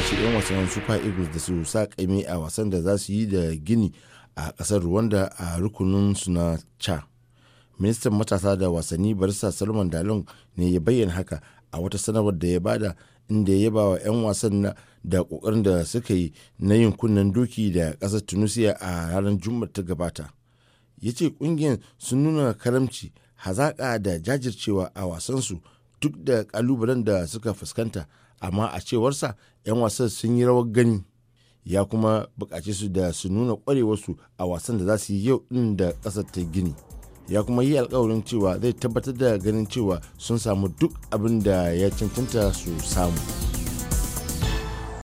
shi 'yan wasan super eagles da su sa kaimi a wasan da za su yi da gini a kasar rwanda a rukunin su na ca ministan matasa da wasanni barista salman dalon ne ya bayyana haka a wata sanarwar da ya bada inda ya yaba wa 'yan wasan da kokarin da suka yi na yin kunnen doki da kasar tunisia a ranar juma'a ta gabata ya ce kungiyar sun nuna karamci hazaƙa da jajircewa a wasansu duk da kalubalen da suka fuskanta amma a cewarsa 'yan wasan sun yi rawar gani ya kuma bukaci su da su nuna ƙwarewarsu a wasan da za su yi yau din da ƙasar ta gini ya kuma yi alkawarin cewa zai tabbatar da ganin cewa sun samu duk abin da ya cancanta su samu.